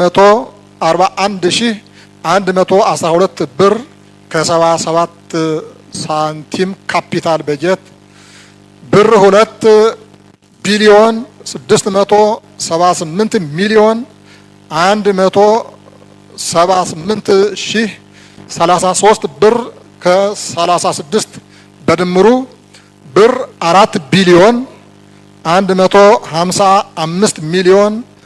መቶ አርባ አንድ ሺህ አንድ መቶ አስራ ሁለት ብር ከሰባ ሰባት ሳንቲም ካፒታል በጀት ብር ሁለት ቢሊዮን ስድስት መቶ ሚሊዮን አንድ መቶ ሰባ ሺህ 33 ሶስት ብር ከሰላሳ ስድስት በድምሩ ብር አራት ቢሊዮን አንድ መቶ ሀምሳ አምስት ሚሊዮን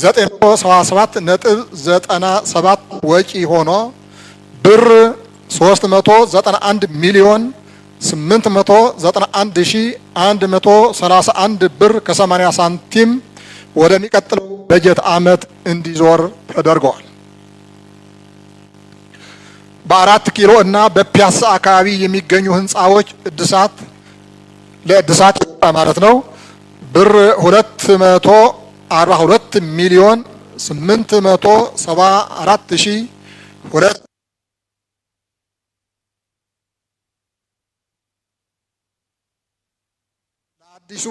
977 ነጥብ 97 ወጪ ሆኖ ብር 391 ሚሊዮን 891131 ብር ከ80 ሳንቲም ወደሚቀጥለው በጀት ዓመት እንዲዞር ተደርገዋል። በአራት ኪሎ እና በፒያሳ አካባቢ የሚገኙ ህንፃዎች እድሳት ለእድሳት ማለት ነው ብር 200 42 ሚሊዮን 874 ሺህ 2 ለአዲሱ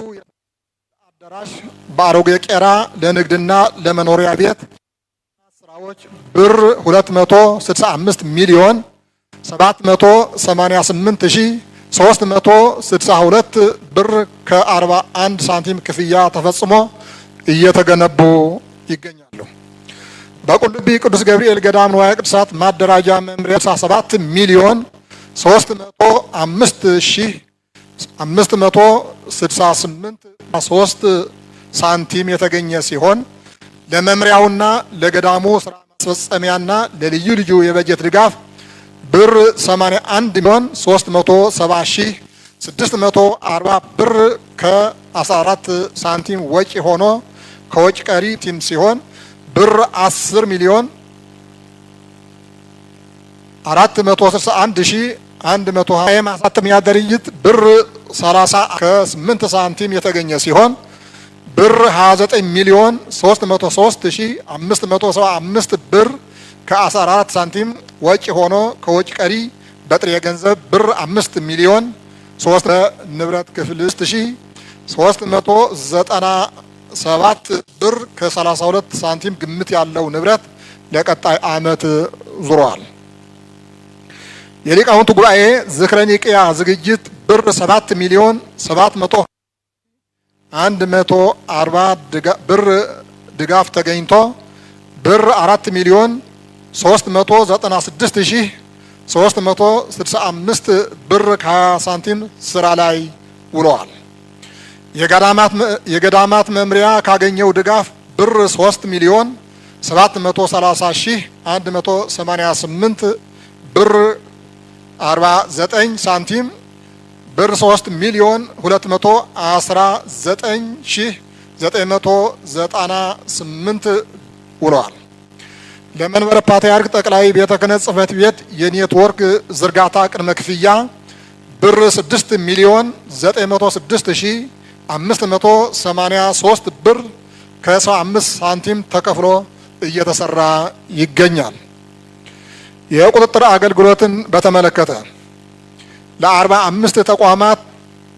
አዳራሽ በአሮጌ ቄራ ለንግድና ለመኖሪያ ቤት ስራዎች ብር 265 ሚሊዮን 788 ሺህ 362 ብር ከ41 ሳንቲም ክፍያ ተፈጽሞ እየተገነቡ ይገኛሉ። በቁልቢ ቅዱስ ገብርኤል ገዳም ንዋየ ቅድሳት ማደራጃ መምሪያ 7 ሚሊዮን 305,568 ሳንቲም የተገኘ ሲሆን ለመምሪያውና ለገዳሙ ስራ ማስፈጸሚያና ለልዩ ልዩ የበጀት ድጋፍ ብር 81 ሚሊዮን 370 ሺህ 640 ብር ከ14 ሳንቲም ወጪ ሆኖ ከወጭ ቀሪ ቲም ሲሆን ብር 10 ሚሊዮን 461 ሺ 120 ማሳተሚያ ድርጅት ብር 30 ከ8 ሳንቲም የተገኘ ሲሆን ብር 29 ሚሊዮን 303 ሺ 575 ብር ከ14 ሳንቲም ወጪ ሆኖ ከወጭ ቀሪ በጥሬ ገንዘብ ብር 5 ሚሊዮን 3 ንብረት ክፍል 3 ሺ 390 ሰባት ብር ከ32 ሳንቲም ግምት ያለው ንብረት ለቀጣይ ዓመት ዙሯል። የሊቃውንቱ ጉባኤ ዝክረ ኒቅያ ዝግጅት ብር 7 ሚሊዮን 700 140 ብር ድጋፍ ተገኝቶ ብር 4 ሚሊዮን 396 ሺህ 365 ብር ከ20 ሳንቲም ስራ ላይ ውለዋል። የገዳማት መምሪያ ካገኘው ድጋፍ ብር 3 ሚሊዮን 730 ሺህ 188 ብር 49 ሳንቲም ብር 3 ሚሊዮን 219 ሺህ 998 ውለዋል። ለመንበረ ፓትርያርክ ጠቅላይ ቤተ ክህነት ጽሕፈት ቤት የኔትወርክ ዝርጋታ ቅድመ ክፍያ ብር 6 ሚሊዮን 906 ሺህ 583 ብር ከ 75 ሳንቲም ተከፍሎ እየተሰራ ይገኛል። የቁጥጥር አገልግሎትን በተመለከተ ለአርባ አምስት ተቋማት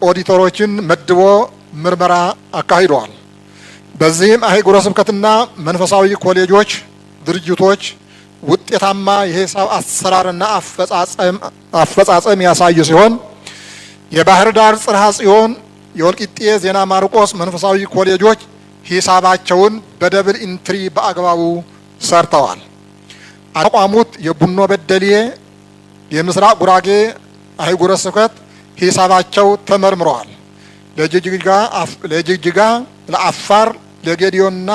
ኦዲተሮችን መድቦ ምርመራ አካሂደዋል። በዚህም አህጉረ ስብከትና መንፈሳዊ ኮሌጆች ድርጅቶች ውጤታማ የሂሳብ አሰራርና አፈጻጸም ያሳዩ ሲሆን የባህር ዳር ጽርሐ ጽዮን የወልቂጤ ዜና ማርቆስ መንፈሳዊ ኮሌጆች ሂሳባቸውን በደብል ኢንትሪ በአግባቡ ሰርተዋል። አቋሙት የቡኖ በደሌ የምስራቅ ጉራጌ አህጉረ ስብከት ሂሳባቸው ተመርምረዋል። ለጅግጅጋ፣ ለአፋር፣ ለጌዲዮና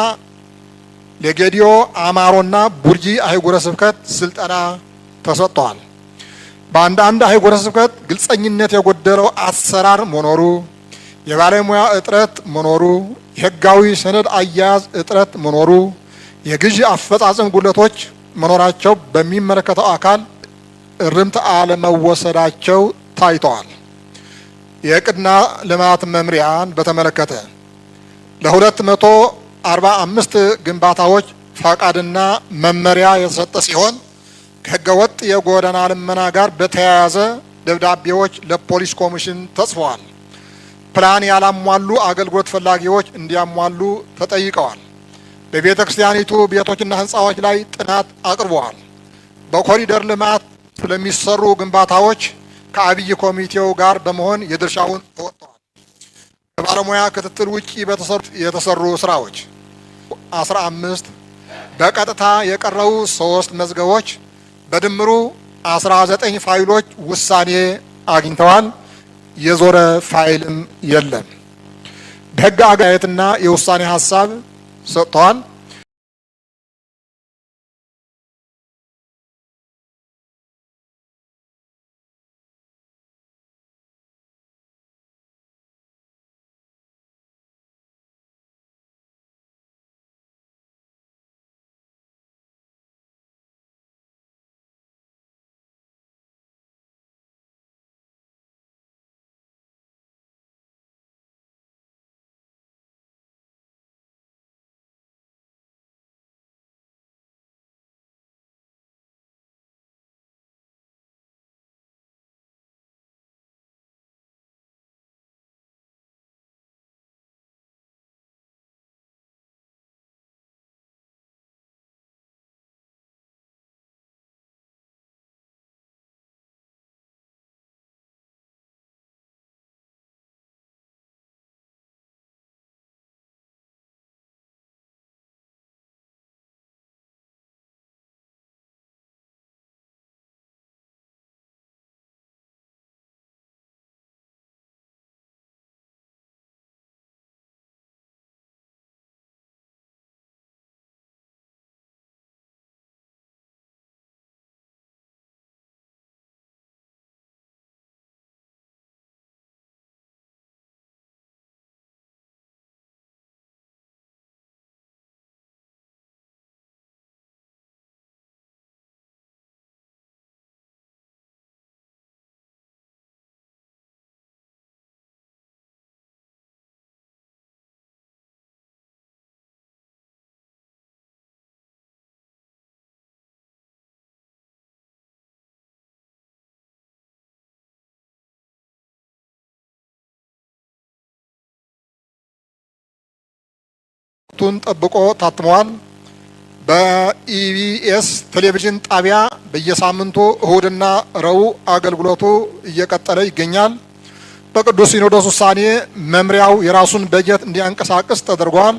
ለጌዲዮ አማሮና ቡርጂ አህጉረ ስብከት ስልጠና ተሰጥተዋል። በአንዳንድ አህጉረ ስብከት ግልጸኝነት የጎደለው አሰራር መኖሩ የባለሙያ እጥረት መኖሩ፣ የህጋዊ ሰነድ አያያዝ እጥረት መኖሩ፣ የግዢ አፈጻጸም ጉድለቶች መኖራቸው በሚመለከተው አካል እርምት አለመወሰዳቸው ታይተዋል። የቅድና ልማት መምሪያን በተመለከተ ለ መቶ ግንባታዎች ፈቃድና መመሪያ የተሰጠ ሲሆን ከህገ ወጥ የጎዳና ልመና ጋር በተያያዘ ደብዳቤዎች ለፖሊስ ኮሚሽን ተጽፈዋል። ፕላን ያላሟሉ አገልግሎት ፈላጊዎች እንዲያሟሉ ተጠይቀዋል። በቤተ ክርስቲያኒቱ ቤቶችና ሕንፃዎች ላይ ጥናት አቅርበዋል። በኮሪደር ልማት ስለሚሰሩ ግንባታዎች ከአብይ ኮሚቴው ጋር በመሆን የድርሻውን ተወጥተዋል። በባለሙያ ክትትል ውጪ የተሰሩ ስራዎች 15 በቀጥታ የቀረቡ ሶስት መዝገቦች በድምሩ 19 ፋይሎች ውሳኔ አግኝተዋል። የዞረ ፋይልም የለም። በህግ አጋየትና የውሳኔ ሀሳብ ሰጥተዋል። ወቅቱን ጠብቆ ታትመዋል። በኢቢኤስ ቴሌቪዥን ጣቢያ በየሳምንቱ እሁድና ረቡዕ አገልግሎቱ እየቀጠለ ይገኛል። በቅዱስ ሲኖዶስ ውሳኔ መምሪያው የራሱን በጀት እንዲያንቀሳቅስ ተደርጓል።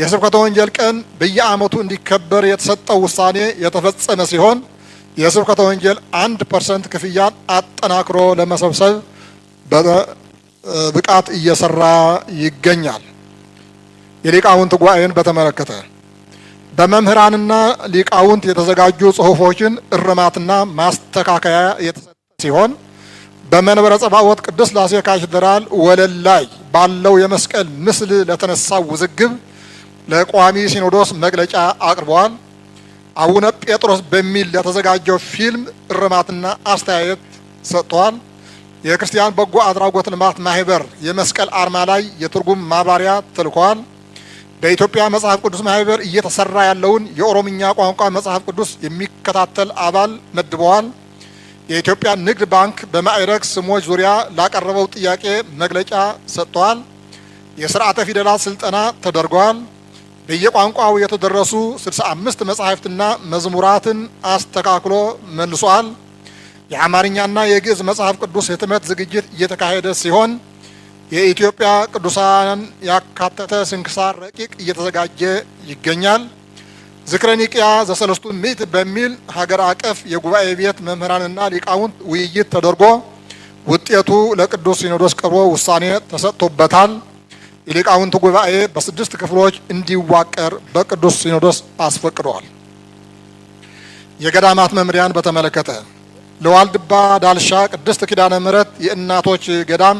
የስብከተ ወንጌል ቀን በየዓመቱ እንዲከበር የተሰጠው ውሳኔ የተፈጸመ ሲሆን የስብከተ ወንጌል አንድ ፐርሰንት ክፍያን አጠናክሮ ለመሰብሰብ በብቃት እየሰራ ይገኛል። የሊቃውንት ጉባኤን በተመለከተ በመምህራንና ሊቃውንት የተዘጋጁ ጽሁፎችን እርማትና ማስተካከያ የተሰጠ ሲሆን በመንበረ ጸባዖት ቅዱስ ላሴ ካቴድራል ወለል ላይ ባለው የመስቀል ምስል ለተነሳው ውዝግብ ለቋሚ ሲኖዶስ መግለጫ አቅርበዋል። አቡነ ጴጥሮስ በሚል ለተዘጋጀው ፊልም እርማትና አስተያየት ሰጥተዋል። የክርስቲያን በጎ አድራጎት ልማት ማህበር የመስቀል አርማ ላይ የትርጉም ማብራሪያ ተልኳል። በኢትዮጵያ መጽሐፍ ቅዱስ ማህበር እየተሰራ ያለውን የኦሮምኛ ቋንቋ መጽሐፍ ቅዱስ የሚከታተል አባል መድበዋል። የኢትዮጵያ ንግድ ባንክ በማዕረግ ስሞች ዙሪያ ላቀረበው ጥያቄ መግለጫ ሰጥተዋል። የስርዓተ ፊደላት ስልጠና ተደርገዋል። በየቋንቋው የተደረሱ 65 መጻሕፍትና መዝሙራትን አስተካክሎ መልሷል። የአማርኛና የግዕዝ መጽሐፍ ቅዱስ ህትመት ዝግጅት እየተካሄደ ሲሆን የኢትዮጵያ ቅዱሳን ያካተተ ስንክሳር ረቂቅ እየተዘጋጀ ይገኛል። ዝክረ ኒቅያ ዘሰለስቱ ምዕት በሚል ሀገር አቀፍ የጉባኤ ቤት መምህራንና ሊቃውንት ውይይት ተደርጎ ውጤቱ ለቅዱስ ሲኖዶስ ቀርቦ ውሳኔ ተሰጥቶበታል። የሊቃውንት ጉባኤ በስድስት ክፍሎች እንዲዋቀር በቅዱስ ሲኖዶስ አስፈቅደዋል። የገዳማት መምሪያን በተመለከተ ለዋልድባ ዳልሻ ቅድስት ኪዳነ ምሕረት የእናቶች ገዳም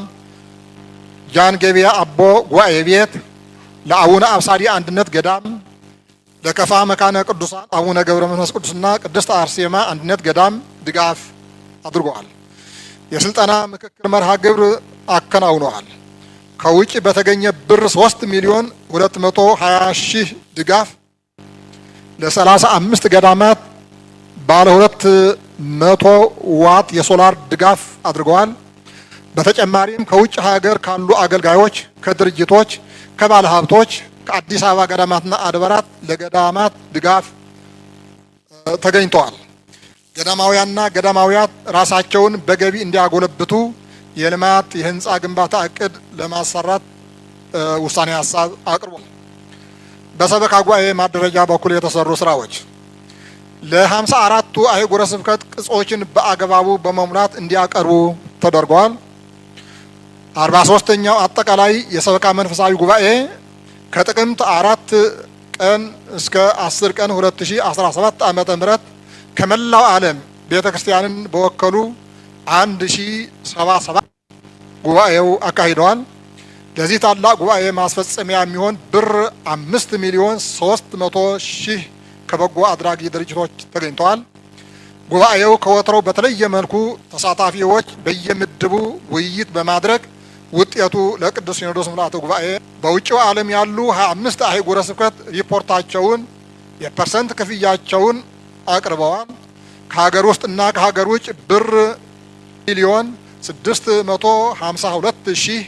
ጃን ገበያ አቦ ጉባኤ ቤት፣ ለአቡነ አብሳዲ አንድነት ገዳም፣ ለከፋ መካነ ቅዱሳን አቡነ ገብረ መንፈስ ቅዱስና ቅድስት አርሴማ አንድነት ገዳም ድጋፍ አድርገዋል። የስልጠና ምክክር መርሃ ግብር አከናውነዋል። ከውጭ በተገኘ ብር 3 ሚሊዮን 220 ሺህ ድጋፍ ለ35 ገዳማት ባለ 200 ዋት የሶላር ድጋፍ አድርገዋል። በተጨማሪም ከውጭ ሀገር ካሉ አገልጋዮች፣ ከድርጅቶች፣ ከባለ ሀብቶች፣ ከአዲስ አበባ ገዳማትና አድባራት ለገዳማት ድጋፍ ተገኝተዋል። ገዳማውያንና ገዳማውያት ራሳቸውን በገቢ እንዲያጎለብቱ የልማት የህንፃ ግንባታ እቅድ ለማሰራት ውሳኔ ሀሳብ አቅርቧል። በሰበካ ጉባኤ ማደረጃ በኩል የተሰሩ ስራዎች ለሃምሳ አራቱ አህጉረ ስብከት ቅጾችን በአግባቡ በመሙላት እንዲያቀርቡ ተደርገዋል። አርባ ሶስተኛው አጠቃላይ የሰበካ መንፈሳዊ ጉባኤ ከጥቅምት አራት ቀን እስከ አስር ቀን ሁለት ሺ አስራ ሰባት ዓመተ ምህረት ከመላው ዓለም ቤተ ክርስቲያንን በወከሉ አንድ ሺ ሰባ ሰባት ጉባኤው አካሂደዋል። ለዚህ ታላቅ ጉባኤ ማስፈጸሚያ የሚሆን ብር አምስት ሚሊዮን ሶስት መቶ ሺህ ከበጎ አድራጊ ድርጅቶች ተገኝተዋል። ጉባኤው ከወትሮው በተለየ መልኩ ተሳታፊዎች በየምድቡ ውይይት በማድረግ ውጤቱ ለቅዱስ ሲኖዶስ ምልአተ ጉባኤ በውጭው ዓለም ያሉ 25 አምስት አህጉረ ስብከት ሪፖርታቸውን የፐርሰንት ክፍያቸውን አቅርበዋል። ከሀገር ውስጥ እና ከሀገር ውጭ ብር ሚሊዮን ስድስት ሺህ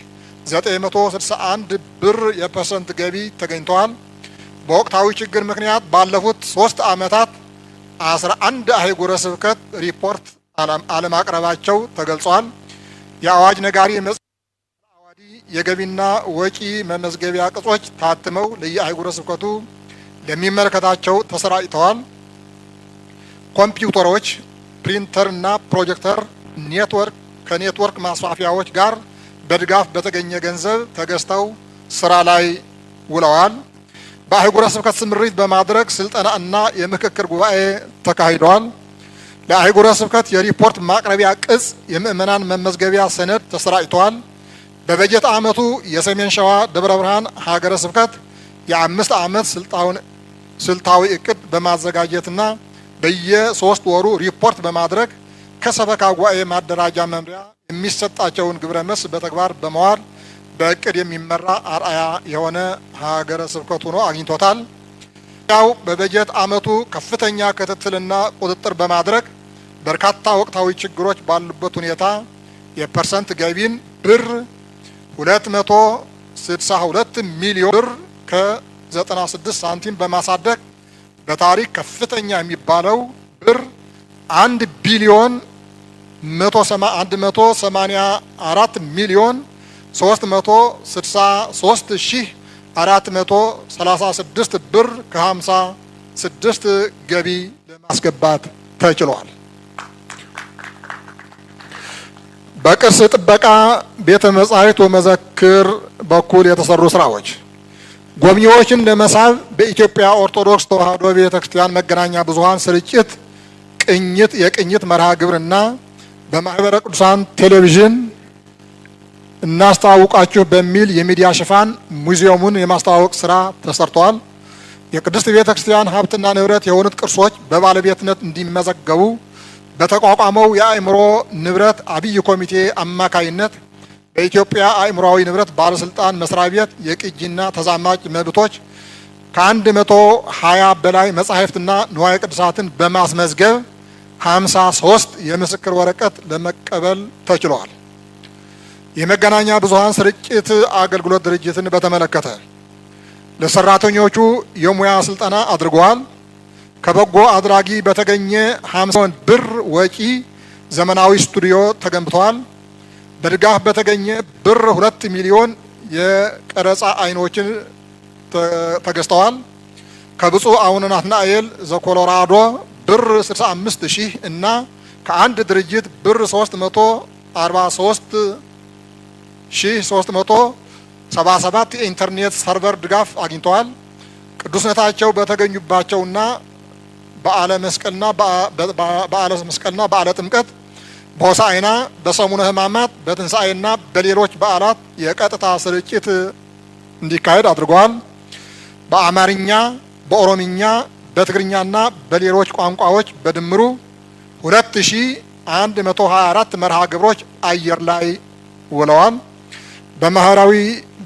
ብር የፐርሰንት ገቢ ተገኝተዋል። በወቅታዊ ችግር ምክንያት ባለፉት ሶስት ዓመታት 11 አንድ አህጉረ ስብከት ሪፖርት አለማቅረባቸው ተገልጿል። የአዋጅ ነጋሪ የገቢና ወጪ መመዝገቢያ ቅጾች ታትመው ለየአህጉረ ስብከቱ ለሚመለከታቸው ተሰራጭተዋል። ኮምፒውተሮች፣ ፕሪንተርና ፕሮጀክተር ኔትወርክ ከኔትወርክ ማስፋፊያዎች ጋር በድጋፍ በተገኘ ገንዘብ ተገዝተው ስራ ላይ ውለዋል። በአህጉረ ስብከት ስምሪት በማድረግ ስልጠና እና የምክክር ጉባኤ ተካሂደዋል። ለአህጉረ ስብከት የሪፖርት ማቅረቢያ ቅጽ የምእመናን መመዝገቢያ ሰነድ ተሰራጭተዋል። በበጀት ዓመቱ የሰሜን ሸዋ ደብረ ብርሃን ሀገረ ስብከት የአምስት ዓመት ስልታዊ እቅድ በማዘጋጀትና በየሶስት ወሩ ሪፖርት በማድረግ ከሰበካ ጉባኤ ማደራጃ መምሪያ የሚሰጣቸውን ግብረ መስ በተግባር በመዋል በእቅድ የሚመራ አርአያ የሆነ ሀገረ ስብከት ሆኖ አግኝቶታል። ያው በበጀት ዓመቱ ከፍተኛ ክትትልና ቁጥጥር በማድረግ በርካታ ወቅታዊ ችግሮች ባሉበት ሁኔታ የፐርሰንት ገቢን ብር 262 ሚሊዮን ብር ከ96 ሳንቲም በማሳደግ በታሪክ ከፍተኛ የሚባለው ብር 1 ቢሊዮን 184 ሚሊዮን 363 ሺህ 436 ብር ከ56 ገቢ ለማስገባት ተችሏል። በቅርስ ጥበቃ ቤተ መጻሕፍት ወመዘክር በኩል የተሰሩ ስራዎች ጎብኚዎችን ለመሳብ በኢትዮጵያ ኦርቶዶክስ ተዋሕዶ ቤተ ክርስቲያን መገናኛ ብዙኃን ስርጭት ቅኝት የቅኝት መርሃ ግብርና በማህበረ ቅዱሳን ቴሌቪዥን እናስተዋውቃችሁ በሚል የሚዲያ ሽፋን ሙዚየሙን የማስተዋወቅ ስራ ተሰርቷል። የቅድስት ቤተ ክርስቲያን ሀብትና ንብረት የሆኑት ቅርሶች በባለቤትነት እንዲመዘገቡ በተቋቋመው የአእምሮ ንብረት አብይ ኮሚቴ አማካይነት በኢትዮጵያ አእምሮዊ ንብረት ባለስልጣን መስሪያ ቤት የቅጂና ተዛማጅ መብቶች ከአንድ መቶ ሀያ በላይ መጻሕፍትና ንዋየ ቅዱሳትን በማስመዝገብ ሀምሳ ሶስት የምስክር ወረቀት ለመቀበል ተችሏል። የመገናኛ ብዙሀን ስርጭት አገልግሎት ድርጅትን በተመለከተ ለሰራተኞቹ የሙያ ስልጠና አድርገዋል። ከበጎ አድራጊ በተገኘ 50 ብር ወጪ ዘመናዊ ስቱዲዮ ተገንብተዋል። በድጋፍ በተገኘ ብር ሁለት ሚሊዮን የቀረጻ አይኖችን ተገዝተዋል። ከብፁዕ አቡነ ናትናኤል ዘኮሎራዶ ብር 65 ሺህ እና ከአንድ ድርጅት ብር 343 ሺህ 377 የኢንተርኔት ሰርቨር ድጋፍ አግኝተዋል። ቅዱስነታቸው በተገኙባቸውና በዓለ መስቀልና በዓለ መስቀልና በዓለ ጥምቀት በሆሳዕና በሰሙነ ሕማማት በትንሣኤና በሌሎች በዓላት የቀጥታ ስርጭት እንዲካሄድ አድርገዋል። በአማርኛ፣ በኦሮምኛ፣ በትግርኛና በሌሎች ቋንቋዎች በድምሩ 2124 መርሃ ግብሮች አየር ላይ ውለዋል። በማህበራዊ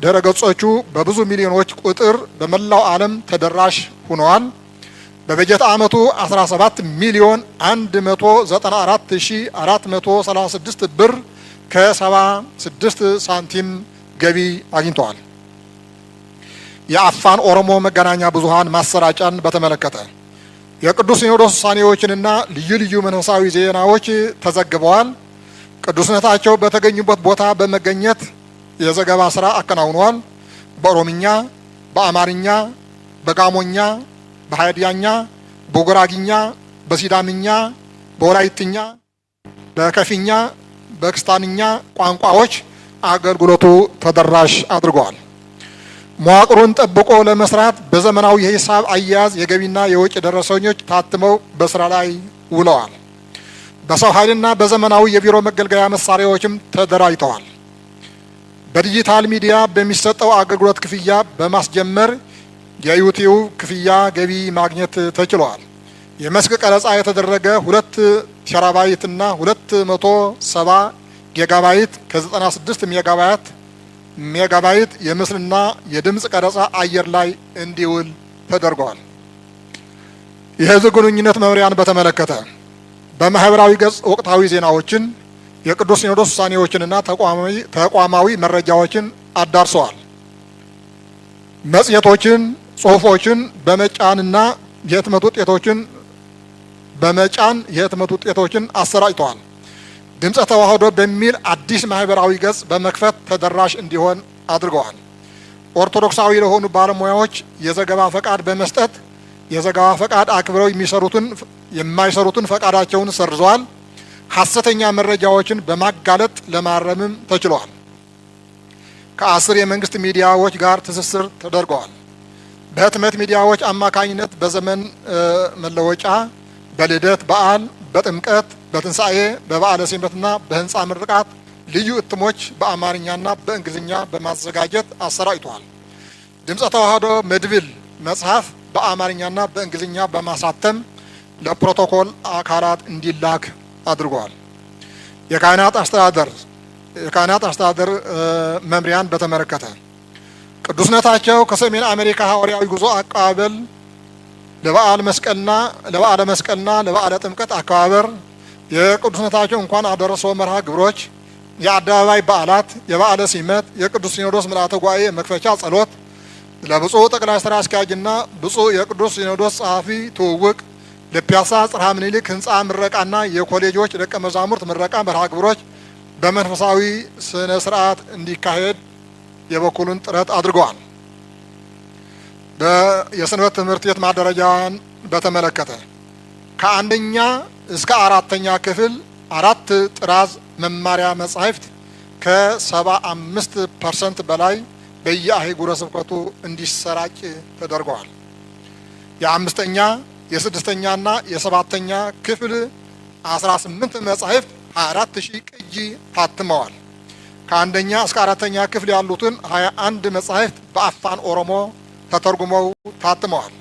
ድረገጾቹ በብዙ ሚሊዮኖች ቁጥር በመላው ዓለም ተደራሽ ሆነዋል። በበጀት ዓመቱ 17 ሚሊዮን 194436 ብር ከ76 ሳንቲም ገቢ አግኝተዋል። የአፋን ኦሮሞ መገናኛ ብዙሃን ማሰራጫን በተመለከተ የቅዱስ ሲኖዶስ ውሳኔዎችንና ልዩ ልዩ መንፈሳዊ ዜናዎች ተዘግበዋል። ቅዱስነታቸው በተገኙበት ቦታ በመገኘት የዘገባ ስራ አከናውኗል። በኦሮምኛ፣ በአማርኛ፣ በጋሞኛ በሀዲያኛ፣ በጉራግኛ፣ በሲዳምኛ፣ በወላይትኛ፣ በከፊኛ፣ በክስታንኛ ቋንቋዎች አገልግሎቱ ተደራሽ አድርገዋል። መዋቅሩን ጠብቆ ለመስራት በዘመናዊ የሂሳብ አያያዝ የገቢና የውጭ ደረሰኞች ታትመው በስራ ላይ ውለዋል። በሰው ኃይልና በዘመናዊ የቢሮ መገልገያ መሳሪያዎችም ተደራጅተዋል። በዲጂታል ሚዲያ በሚሰጠው አገልግሎት ክፍያ በማስጀመር የዩቲዩብ ክፍያ ገቢ ማግኘት ተችሏል። የመስክ ቀረጻ የተደረገ ሁለት ቴራባይትና ሁለት መቶ ሰባ ጌጋባይት ከ96 ሜጋባይት ሜጋባይት የምስልና የድምፅ ቀረጻ አየር ላይ እንዲውል ተደርጓል። የህዝብ ግንኙነት መምሪያን በተመለከተ በማህበራዊ ገጽ ወቅታዊ ዜናዎችን፣ የቅዱስ ሲኖዶስ ውሳኔዎችንና ተቋማዊ መረጃዎችን አዳርሰዋል። መጽሔቶችን ጽሁፎችን በመጫንና የህትመት ውጤቶችን በመጫን የህትመት ውጤቶችን አሰራጭተዋል። ድምፀ ተዋህዶ በሚል አዲስ ማህበራዊ ገጽ በመክፈት ተደራሽ እንዲሆን አድርገዋል። ኦርቶዶክሳዊ ለሆኑ ባለሙያዎች የዘገባ ፈቃድ በመስጠት የዘገባ ፈቃድ አክብረው የሚሰሩትን የማይሰሩትን ፈቃዳቸውን ሰርዘዋል። ሀሰተኛ መረጃዎችን በማጋለጥ ለማረምም ተችለዋል። ከአስር የመንግስት ሚዲያዎች ጋር ትስስር ተደርገዋል። በህትመት ሚዲያዎች አማካኝነት በዘመን መለወጫ፣ በልደት በዓል፣ በጥምቀት፣ በትንሣኤ፣ በበዓለ ሲመትና በህንፃ ምርቃት ልዩ እትሞች በአማርኛና በእንግሊዝኛ በማዘጋጀት አሰራጭቷል። ድምፀ ተዋህዶ መድብል መጽሐፍ በአማርኛና በእንግሊዝኛ በማሳተም ለፕሮቶኮል አካላት እንዲላክ አድርጓል። የካህናት አስተዳደር የካህናት አስተዳደር መምሪያን በተመለከተ ቅዱስነታቸው ከሰሜን አሜሪካ ሐዋርያዊ ጉዞ አቀባበል ለበዓል መስቀልና ለበዓለ መስቀልና ለበዓለ ጥምቀት አከባበር የቅዱስነታቸው እንኳን አደረሰው መርሃ ግብሮች፣ የአደባባይ በዓላት፣ የበዓለ ሲመት፣ የቅዱስ ሲኖዶስ ምልአተ ጉባኤ መክፈቻ ጸሎት፣ ለብፁዕ ጠቅላይ ስራ አስኪያጅና ብፁዕ የቅዱስ ሲኖዶስ ጸሐፊ ትውውቅ፣ ለፒያሳ ጽርሃ ምኒልክ ህንፃ ምረቃና የኮሌጆች ደቀ መዛሙርት ምረቃ መርሃ ግብሮች በመንፈሳዊ ስነ ስርዓት እንዲካሄድ የበኩሉን ጥረት አድርገዋል። የሰንበት ትምህርት ቤት ማደረጃን በተመለከተ ከአንደኛ እስከ አራተኛ ክፍል አራት ጥራዝ መማሪያ መጻሕፍት ከ አምስት ፐርሰንት በላይ በየአህጉረ ስብከቱ እንዲሰራጭ ተደርገዋል። የአምስተኛ የስድስተኛና የሰባተኛ ክፍል አስራ ስምንት መጻሕፍት ሀያ አራት ሺህ ቅጂ ታትመዋል። ከአንደኛ እስከ አራተኛ ክፍል ያሉትን 21 መጻሕፍት በአፋን ኦሮሞ ተተርጉመው ታትመዋል።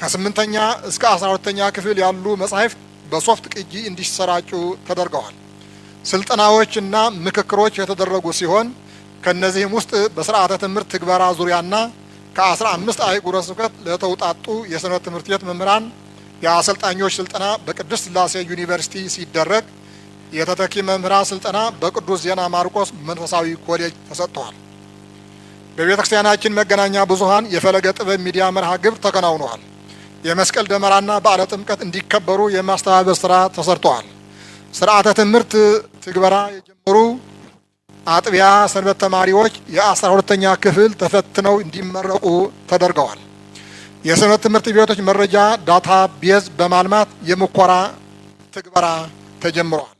ከስምንተኛ እስከ 12ተኛ ክፍል ያሉ መጻሕፍት በሶፍት ቅጂ እንዲሰራጩ ተደርገዋል። ስልጠናዎችና ምክክሮች የተደረጉ ሲሆን ከእነዚህም ውስጥ በስርዓተ ትምህርት ትግበራ ዙሪያና ከ15 አህጉረ ስብከት ለተውጣጡ የሰንበት ትምህርት ቤት መምህራን የአሰልጣኞች ስልጠና በቅድስት ሥላሴ ዩኒቨርሲቲ ሲደረግ የተተኪ መምህራን ስልጠና በቅዱስ ዜና ማርቆስ መንፈሳዊ ኮሌጅ ተሰጥቷል። በቤተ ክርስቲያናችን መገናኛ ብዙኃን የፈለገ ጥበብ ሚዲያ መርሃ ግብር ተከናውነዋል። የመስቀል ደመራና በዓለ ጥምቀት እንዲከበሩ የማስተባበር ስራ ተሰርተዋል። ስርዓተ ትምህርት ትግበራ የጀመሩ አጥቢያ ሰንበት ተማሪዎች የአስራ ሁለተኛ ክፍል ተፈትነው እንዲመረቁ ተደርገዋል። የሰንበት ትምህርት ቤቶች መረጃ ዳታ ቤዝ በማልማት የምኮራ ትግበራ ተጀምሯል።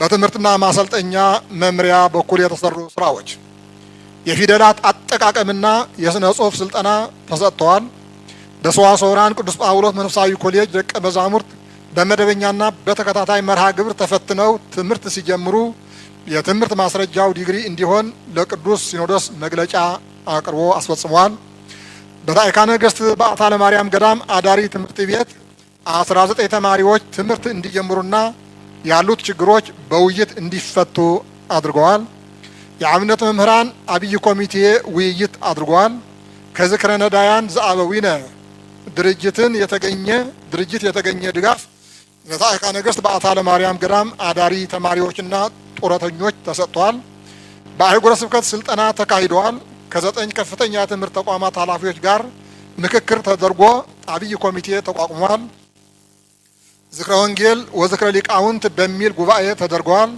በትምህርትና ማሰልጠኛ መምሪያ በኩል የተሰሩ ስራዎች፣ የፊደላት አጠቃቀምና የስነ ጽሁፍ ስልጠና ተሰጥተዋል። ሶራን ቅዱስ ጳውሎስ መንፈሳዊ ኮሌጅ ደቀ መዛሙርት በመደበኛና በተከታታይ መርሃ ግብር ተፈትነው ትምህርት ሲጀምሩ የትምህርት ማስረጃው ዲግሪ እንዲሆን ለቅዱስ ሲኖዶስ መግለጫ አቅርቦ አስፈጽሟል። በታዕካ ነገሥት በዓታ ለማርያም ገዳም አዳሪ ትምህርት ቤት 19 ተማሪዎች ትምህርት እንዲጀምሩና ያሉት ችግሮች በውይይት እንዲፈቱ አድርገዋል። የአብነት መምህራን አብይ ኮሚቴ ውይይት አድርጓል። ከዝክረ ነዳያን ዘአበዊነ ድርጅትን የተገኘ ድርጅት የተገኘ ድጋፍ ለታዕካ ነገሥት በአታ ለማርያም ገዳም አዳሪ ተማሪዎችና ጡረተኞች ተሰጥቷል። በአህጉረ ስብከት ስልጠና ተካሂደዋል። ከዘጠኝ ከፍተኛ ትምህርት ተቋማት ኃላፊዎች ጋር ምክክር ተደርጎ አብይ ኮሚቴ ተቋቁሟል። ዝክረ ወንጌል ወዝክረ ሊቃውንት በሚል ጉባኤ ተደርጓል።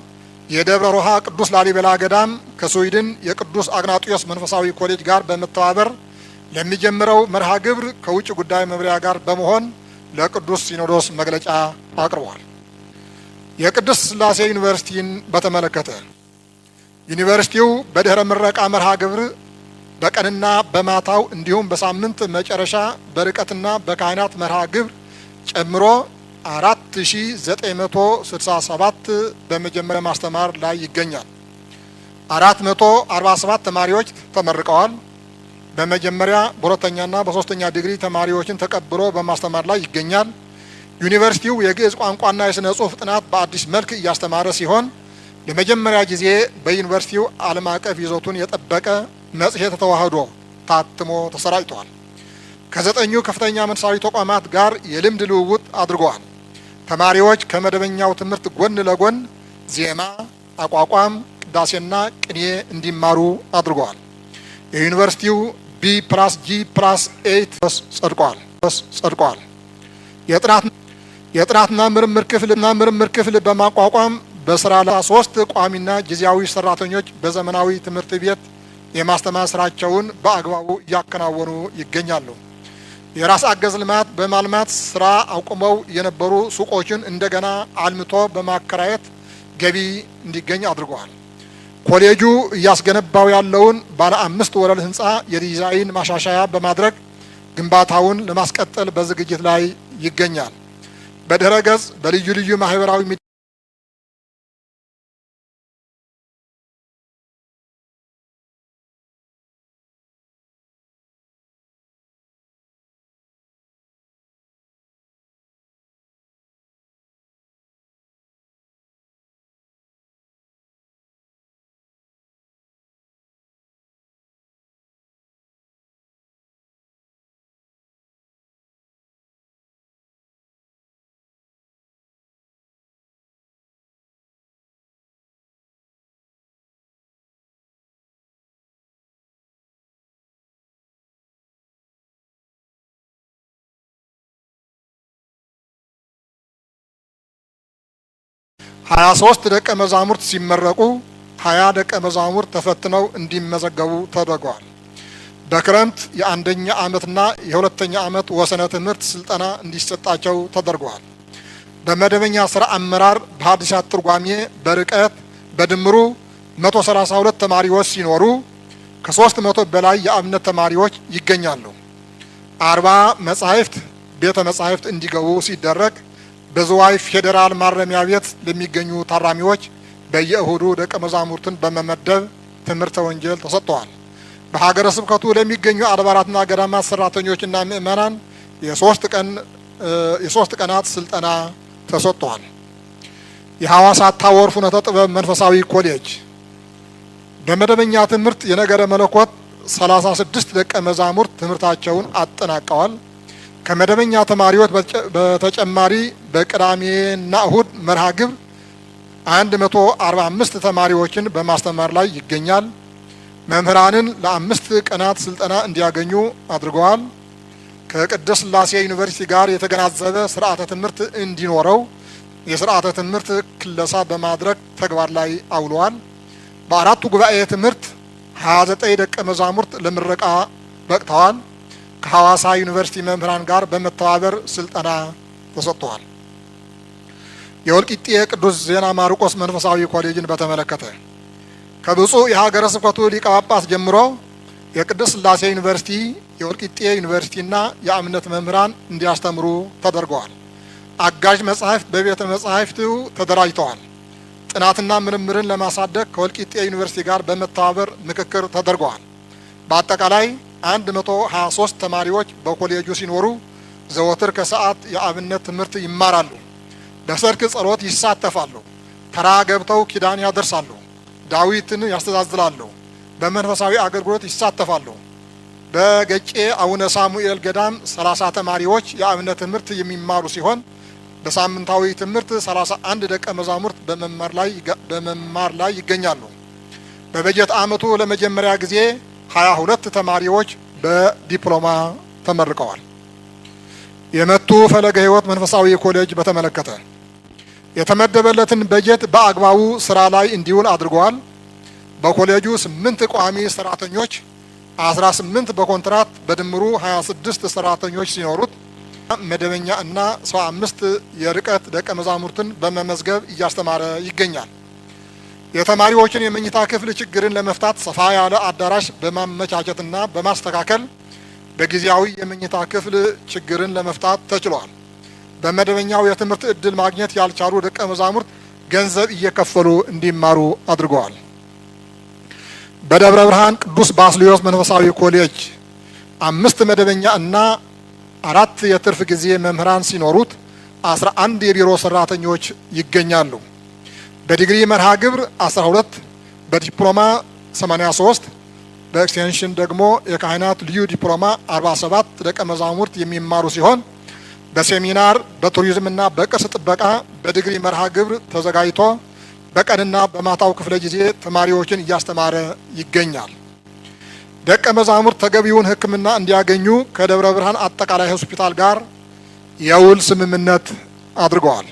የደብረ ሮሃ ቅዱስ ላሊበላ ገዳም ከስዊድን የቅዱስ አግናጥዮስ መንፈሳዊ ኮሌጅ ጋር በመተባበር ለሚጀምረው መርሃ ግብር ከውጭ ጉዳይ መምሪያ ጋር በመሆን ለቅዱስ ሲኖዶስ መግለጫ አቅርቧል። የቅዱስ ሥላሴ ዩኒቨርሲቲን በተመለከተ ዩኒቨርሲቲው በድኅረ ምረቃ መርሃ ግብር በቀንና በማታው እንዲሁም በሳምንት መጨረሻ በርቀትና በካህናት መርሃ ግብር ጨምሮ አራት ሺ ዘጠኝ መቶ በመጀመሪያ ማስተማር ላይ ይገኛል። አራት መቶ አርባ ተማሪዎች ተመርቀዋል። በመጀመሪያ በሁለተኛና በሶስተኛ ዲግሪ ተማሪዎችን ተቀብሎ በማስተማር ላይ ይገኛል። ዩኒቨርሲቲው የግዕዝ ቋንቋና የሥነ ጽሑፍ ጥናት በአዲስ መልክ እያስተማረ ሲሆን ለመጀመሪያ ጊዜ በዩኒቨርሲቲው ዓለም አቀፍ ይዘቱን የጠበቀ መጽሔት ተዋህዶ ታትሞ ተሰራጭቷል። ከዘጠኙ ከፍተኛ መንፈሳዊ ተቋማት ጋር የልምድ ልውውጥ አድርገዋል። ተማሪዎች ከመደበኛው ትምህርት ጎን ለጎን ዜማ፣ አቋቋም፣ ቅዳሴና ቅኔ እንዲማሩ አድርገዋል። የዩኒቨርሲቲው ቢ ፕላስ ጂ ፕላስ ኤይት ጸድቋል ጸድቋል። የጥናትና ምርምር ክፍልና ምርምር ክፍል በማቋቋም በስራ ላይ ሶስት ቋሚና ጊዜያዊ ሰራተኞች በዘመናዊ ትምህርት ቤት የማስተማር ስራቸውን በአግባቡ እያከናወኑ ይገኛሉ። የራስ አገዝ ልማት በማልማት ስራ አቁመው የነበሩ ሱቆችን እንደገና አልምቶ በማከራየት ገቢ እንዲገኝ አድርገዋል። ኮሌጁ እያስገነባው ያለውን ባለ አምስት ወለል ህንፃ የዲዛይን ማሻሻያ በማድረግ ግንባታውን ለማስቀጠል በዝግጅት ላይ ይገኛል። በድረ ገጽ በልዩ ልዩ ማህበራዊ ሀያ ሶስት ደቀ መዛሙርት ሲመረቁ ሀያ ደቀ መዛሙርት ተፈትነው እንዲመዘገቡ ተደርጓል። በክረምት የአንደኛ ዓመትና የሁለተኛ ዓመት ወሰነ ትምህርት ስልጠና እንዲሰጣቸው ተደርጓል። በመደበኛ ስራ አመራር በሀዲሳት ትርጓሜ በርቀት በድምሩ 132 ተማሪዎች ሲኖሩ ከ መቶ በላይ የአብነት ተማሪዎች ይገኛሉ። አርባ መጻሕፍት ቤተ መጻሕፍት እንዲገቡ ሲደረግ በዝዋይ ፌዴራል ማረሚያ ቤት ለሚገኙ ታራሚዎች በየእሁዱ ደቀ መዛሙርትን በመመደብ ትምህርተ ወንጌል ተሰጥተዋል። በሀገረ ስብከቱ ለሚገኙ አድባራትና ገዳማት ሰራተኞችና ምእመናን የሶስት ቀናት ስልጠና ተሰጥተዋል። የሐዋሳ ታወር ፍኖተ ጥበብ መንፈሳዊ ኮሌጅ በመደበኛ ትምህርት የነገረ መለኮት 36 ስድስት ደቀ መዛሙርት ትምህርታቸውን አጠናቀዋል። ከመደበኛ ተማሪዎች በተጨማሪ በቅዳሜና እሁድ መርሃ ግብር 145 ተማሪዎችን በማስተማር ላይ ይገኛል። መምህራንን ለአምስት ቀናት ስልጠና እንዲያገኙ አድርገዋል። ከቅድስት ሥላሴ ዩኒቨርሲቲ ጋር የተገናዘበ ስርዓተ ትምህርት እንዲኖረው የስርዓተ ትምህርት ክለሳ በማድረግ ተግባር ላይ አውለዋል። በአራቱ ጉባኤ ትምህርት 29 ደቀ መዛሙርት ለምረቃ በቅተዋል። ከሐዋሳ ዩኒቨርሲቲ መምህራን ጋር በመተባበር ስልጠና ተሰጥተዋል። የወልቂጤ ቅዱስ ዜና ማርቆስ መንፈሳዊ ኮሌጅን በተመለከተ ከብፁዕ የሀገረ ስብከቱ ሊቀ ጳጳስ ጀምሮ የቅድስት ስላሴ ዩኒቨርሲቲ፣ የወልቂጤ ዩኒቨርሲቲና የአምነት መምህራን እንዲያስተምሩ ተደርገዋል። አጋዥ መጻሕፍት በቤተ መጻሕፍቱ ተደራጅተዋል። ጥናትና ምርምርን ለማሳደግ ከወልቂጤ ዩኒቨርሲቲ ጋር በመተባበር ምክክር ተደርገዋል። በአጠቃላይ አንድ መቶ ሀያ ሶስት ተማሪዎች በኮሌጁ ሲኖሩ ዘወትር ከሰዓት የአብነት ትምህርት ይማራሉ። በሰርክ ጸሎት ይሳተፋሉ። ተራ ገብተው ኪዳን ያደርሳሉ። ዳዊትን ያስተዛዝላሉ። በመንፈሳዊ አገልግሎት ይሳተፋሉ። በገጬ አቡነ ሳሙኤል ገዳም ሰላሳ ተማሪዎች የአብነት ትምህርት የሚማሩ ሲሆን በሳምንታዊ ትምህርት ሰላሳ አንድ ደቀ መዛሙርት በመማር ላይ ይገኛሉ። በበጀት ዓመቱ ለመጀመሪያ ጊዜ ሀያ ሁለት ተማሪዎች በዲፕሎማ ተመርቀዋል። የመቱ ፈለገ ህይወት መንፈሳዊ ኮሌጅ በተመለከተ የተመደበለትን በጀት በአግባቡ ስራ ላይ እንዲውል አድርገዋል። በኮሌጁ ስምንት ቋሚ ሰራተኞች፣ አስራ ስምንት በኮንትራት በድምሩ ሀያ ስድስት ሰራተኞች ሲኖሩት መደበኛ እና ሰባ አምስት የርቀት ደቀ መዛሙርትን በመመዝገብ እያስተማረ ይገኛል። የተማሪዎችን የመኝታ ክፍል ችግርን ለመፍታት ሰፋ ያለ አዳራሽ በማመቻቸትና በማስተካከል በጊዜያዊ የመኝታ ክፍል ችግርን ለመፍታት ተችሏል። በመደበኛው የትምህርት እድል ማግኘት ያልቻሉ ደቀ መዛሙርት ገንዘብ እየከፈሉ እንዲማሩ አድርገዋል። በደብረ ብርሃን ቅዱስ ባስልዮስ መንፈሳዊ ኮሌጅ አምስት መደበኛ እና አራት የትርፍ ጊዜ መምህራን ሲኖሩት አስራ አንድ የቢሮ ሰራተኞች ይገኛሉ። በዲግሪ መርሃ ግብር 12 በዲፕሎማ 83 በኤክስቴንሽን ደግሞ የካህናት ልዩ ዲፕሎማ 47 ደቀ መዛሙርት የሚማሩ ሲሆን በሴሚናር በቱሪዝምና በቅርስ ጥበቃ በዲግሪ መርሃ ግብር ተዘጋጅቶ በቀንና በማታው ክፍለ ጊዜ ተማሪዎችን እያስተማረ ይገኛል። ደቀ መዛሙርት ተገቢውን ሕክምና እንዲያገኙ ከደብረ ብርሃን አጠቃላይ ሆስፒታል ጋር የውል ስምምነት አድርገዋል።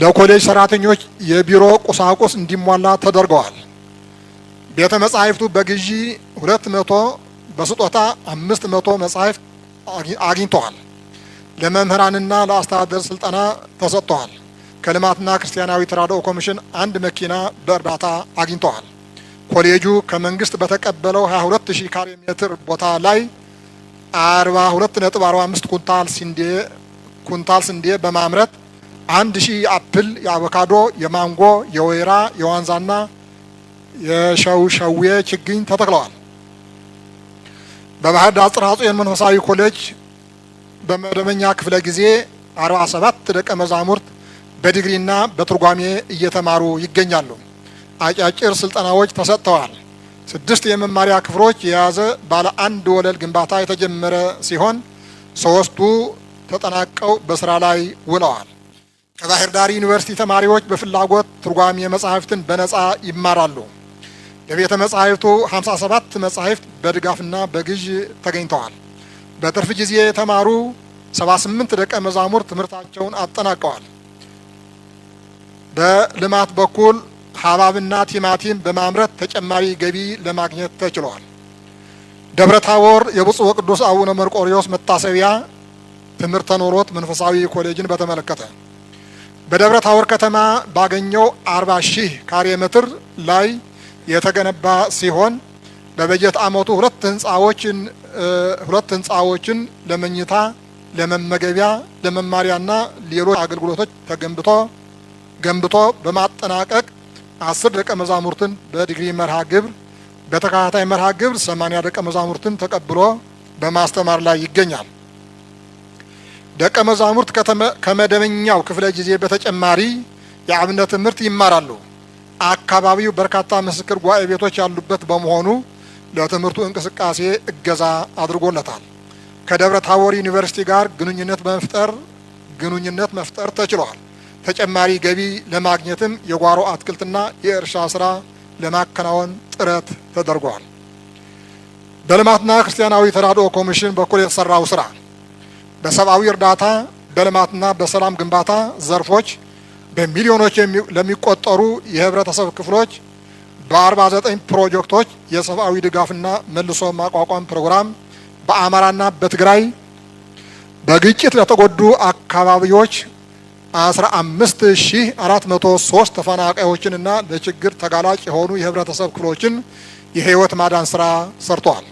ለኮሌጅ ሰራተኞች የቢሮ ቁሳቁስ እንዲሟላ ተደርገዋል። ቤተ መጻሕፍቱ በግዢ ሁለት መቶ በስጦታ አምስት መቶ መጻሕፍት አግኝተዋል። ለመምህራንና ለአስተዳደር ስልጠና ተሰጥተዋል። ከልማትና ክርስቲያናዊ ተራድኦ ኮሚሽን አንድ መኪና በእርዳታ አግኝተዋል። ኮሌጁ ከመንግስት በተቀበለው 22000 ካሬ ሜትር ቦታ ላይ 42.45 ኩንታል ስንዴ ኩንታል ስንዴ በማምረት አንድ ሺህ የአፕል የአቮካዶ የማንጎ የወይራ የዋንዛና የሸውሸዌ ችግኝ ተተክለዋል። በባህር ዳር ጽርሐ ጽዮን መንፈሳዊ ኮሌጅ በመደበኛ ክፍለ ጊዜ 47 ደቀ መዛሙርት በዲግሪና በትርጓሜ እየተማሩ ይገኛሉ። አጫጭር ስልጠናዎች ተሰጥተዋል። ስድስት የመማሪያ ክፍሎች የያዘ ባለ አንድ ወለል ግንባታ የተጀመረ ሲሆን ሶስቱ ተጠናቀው በስራ ላይ ውለዋል። ከባህር ዳር ዩኒቨርሲቲ ተማሪዎች በፍላጎት ትርጓሜ መጻሕፍትን በነፃ ይማራሉ። ለቤተ መጻሕፍቱ 57 መጻሕፍት በድጋፍና በግዥ ተገኝተዋል። በትርፍ ጊዜ የተማሩ 78 ደቀ መዛሙርት ትምህርታቸውን አጠናቀዋል። በልማት በኩል ሐብሐብና ቲማቲም በማምረት ተጨማሪ ገቢ ለማግኘት ተችሏል። ደብረ ታቦር የብፁዕ ቅዱስ አቡነ መርቆሪዎስ መታሰቢያ ትምህርተ ኖሮት መንፈሳዊ ኮሌጅን በተመለከተ በደብረ ታቦር ከተማ ባገኘው 40 ሺህ ካሬ ሜትር ላይ የተገነባ ሲሆን በበጀት ዓመቱ ሁለት ህንፃዎችን ሁለት ህንፃዎችን ለመኝታ፣ ለመመገቢያ፣ ለመማሪያና ሌሎች አገልግሎቶች ተገንብቶ ገንብቶ በማጠናቀቅ አስር ደቀ መዛሙርትን በዲግሪ መርሃ ግብር በተከታታይ መርሃ ግብር 80 ደቀ መዛሙርትን ተቀብሎ በማስተማር ላይ ይገኛል። ደቀ መዛሙርት ከመደበኛው ክፍለ ጊዜ በተጨማሪ የአብነት ትምህርት ይማራሉ። አካባቢው በርካታ ምስክር ጉባኤ ቤቶች ያሉበት በመሆኑ ለትምህርቱ እንቅስቃሴ እገዛ አድርጎለታል። ከደብረ ታቦር ዩኒቨርሲቲ ጋር ግንኙነት በመፍጠር ግንኙነት መፍጠር ተችሏል። ተጨማሪ ገቢ ለማግኘትም የጓሮ አትክልትና የእርሻ ስራ ለማከናወን ጥረት ተደርጓል። በልማትና ክርስቲያናዊ ተራድኦ ኮሚሽን በኩል የተሰራው ስራ በሰብአዊ እርዳታ፣ በልማትና በሰላም ግንባታ ዘርፎች በሚሊዮኖች ለሚቆጠሩ የህብረተሰብ ክፍሎች በ49 ፕሮጀክቶች የሰብአዊ ድጋፍና መልሶ ማቋቋም ፕሮግራም በአማራና በትግራይ በግጭት ለተጎዱ አካባቢዎች 15403 ተፈናቃዮችንና ለችግር ተጋላጭ የሆኑ የህብረተሰብ ክፍሎችን የህይወት ማዳን ስራ ሰርተዋል።